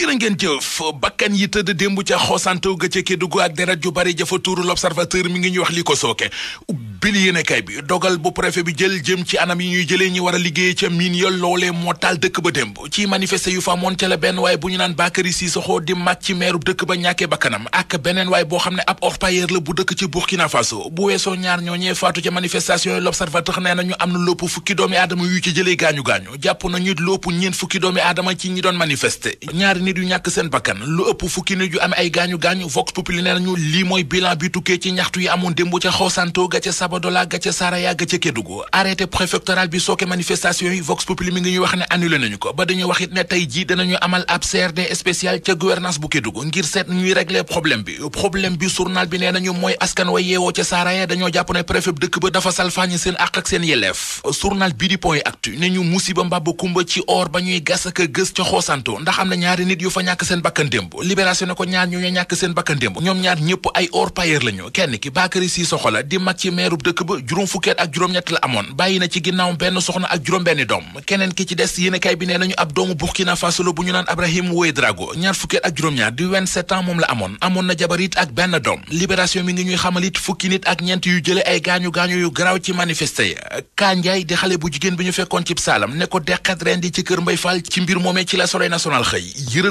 jërë ngeen jëf bakkan yi tëdd démb ca xoosantew ga ca Kédougou ak deret ju bari jafa tuuru l'observateur mi ngi ñuy wax li ko sooke bil yéenekaay bi dogal bu préfet bi jël jëm ci anam yi ñuy jëlee ñi war a liggéey ca mine ya loolee moo taal dëkk ba démb ci manifester yu fa moon ca la benn waaye bu ñu naan Bakary Cissokho di mag ci meeru dëkk ba ñàkkee bakkanam ak beneen waaye boo xam ne ab orpailleur la bu dëkk ci Burkina Faso bu weesoo ñaar ñooñee faatu nit yu ñàkk seen bakkan lu ëpp fukki nit yu am ay gaañu-gaañu vox populi nee lii mooy bilan bi tukkee ci ñaxtu yi amoon démb ca xoosanto ga ca sabadola ga ca saraya ga ca kédugu arrêté préfectoral bi sooke manifestation yi vox populi mi ngi ñuy wax ne annulé nañu ko ba dañuy wax it ne tey jii danañu amal ab CRD spécial ca gouvernance bu kédugu ngir seet ñuy régler problème bi problème bi journal bi nee nañu mooy askan wa yeewoo nit yu fa ñàkk seen bakkan démb libération ne ko ñaar ñu ñu ñàkk seen bakkan démb ñoom ñaar ñëpp ay orpailleur lañu kenn ki Bakary Cissokho la di mag ci meerub dëkk ba juróom fukkeet ak juróom-ñett la amoon bàyyi na ci ginnaaw benn soxna ak juróom-benni doom keneen ki ci des yéen kay bi nee nañu ab doomu Burkina Faso la bu ñu naan Abrahim Ouédraogo ñaar fukkeet ak juróom-ñaar di 27 ans moom la amoon amoon na jabar ak benn doom libération mi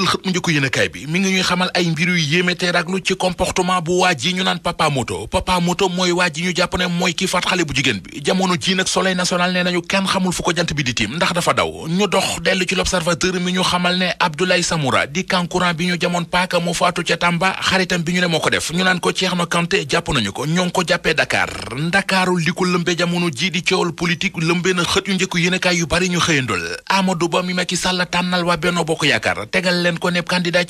ubbil xët mu njëkk yéenekaay bi mi ngi ñuy xamal ay mbir yu yéeme te raglu ci comportement bu waa ji ñu naan papa moto papa moto mooy ndax dafa daw ñu dox dellu ci l'observateur mi ñu xamal ne Abdoulaye Samoura di kankuran bi ñu jamoon paaka mu faatu ca Tamba xaritam bi ñu ne moo ko def ñu naan ko Thierno Kanté jàpp nañu ko ñoo ngi ko jàppee Dakar ndakaaru li ko lëmbe jamono ji di coowal politique lëmbe na xët yu njëkk yéenekaay yu bari ñu xëyandol Amadou Ba mi Macky Sall tànnal waa Benno Bokk Yaakaar xamal leen ko ne candidat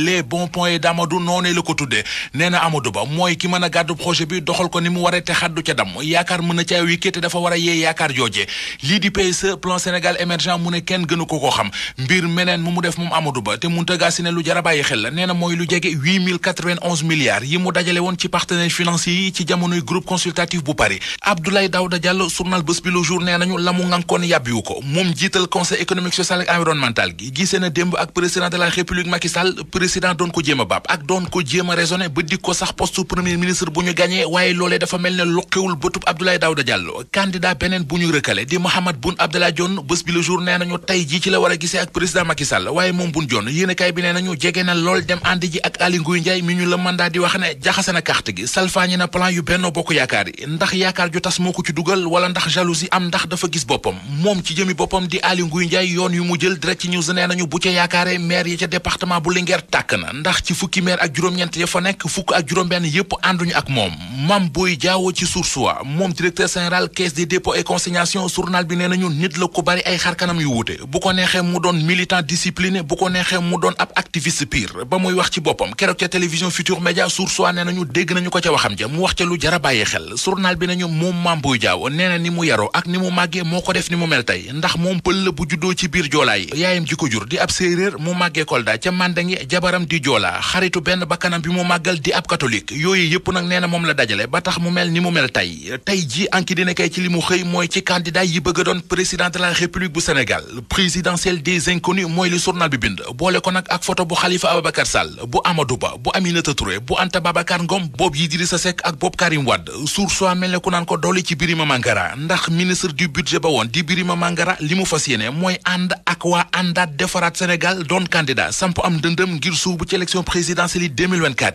la noonee la ko tuddee nee na Ba mooy ki mën gàddu projet bi doxal ko ni mu waree te xaddu ca dam yaakaar mën na caa wékkee dafa war a yee yaakaar jooje lii di PSE plan Sénégal émergent mu ne kenn gënu ko koo xam mbir meneen mu mu def moom Amadou Ba te munta gaa si ne lu jara bàyyi xel la nee na mooy lu jege 8091 milliards yi mu dajale woon ci partenaires financiers yi ci jamonoy groupe consultatif bu Paris Abdoulaye Daouda Diallo journal Bës Bi Le Jour nee nañu la mu ngànkoon yàbbiwu ko moom jiital conseil économique social et environnemental gi gisee na démb ak président de la république Macky a baab ak doon ko ko sax poste premier ministre bu ñu gagné waaye loolee dafa mel ne luqewul bëtub Abdoulaye Daouda Diallo candidat beneen bu ñu rëkkale di Mahammed Boun Abdallah Dionne bés bi le jour nee nañu tey jii ci la war a gisee ak président Macky Sall waaye moom Boun Dionne yéenekaay bi nee nañu jege na lool dem àndi ji ak Aly Ngouille Ndiaye mi ñu la mandat di wax ne jaxase na carte gi salfaañi na plan yu Benno Bokk Yaakaar yi ndax yaakaar ju tas moo ko ci dugal wala ndax jalousie am ndax dafa gis boppam moom ci jëmi boppam di Aly Ngouille Ndiaye yoon yu mu jël direct ci news nee nañu bu ca yaakaare maire yi ca département bu Linguère tàkk moom Mame Boye A caisse des dépôts et consignation journal bi nee nañu nit la ko bari ay xarkanam yu wuute bu ko neexee mu doon militant discipliné bu ko neexee mu doon ab activiste pire ba muy wax ci boppam keroog ca télévision Futur Média Source A nee nañu dégg nañu ko ca waxam ja mu wax ca lu jara xel journal bi nañu moom Mame Boye nee na ni mu yaroo ak ni mu màggee moo ko def ni mu mel tey ndax moom pël la bu juddoo ci biir joolaa yi yaayam ji ko jur di ab séeréer mu màggee Kolda ca Mandangi jabaram di xaritu benn bakkanam bi mu màggal di ab catholique yooyu yëpp nag nee na moom la dajale ba tax mu mel ni mu mel tey tey ci li mu xëy mooy ci candidat yi bëgg a doon président de la république bu Sénégal présidentielle des inconnus mooy li journal bi bind boole ko nag ak photo bu Khalifa Ababacar Sall bu Amadou Ba bu Aminata Touré bu Anta Babacar Ngom boobu Idrissa Seck ak boobu Karim Wade sour soi mel ne ku naan ko dolli ci Birima Mangara ndax ministre du budget ba woon di Birima Mangara li mu fas yéene mooy ànd ak waa àndaat defaraat Sénégal doon candidat samp am dëndëm ngir suubu ci élection présidentielle yi 2024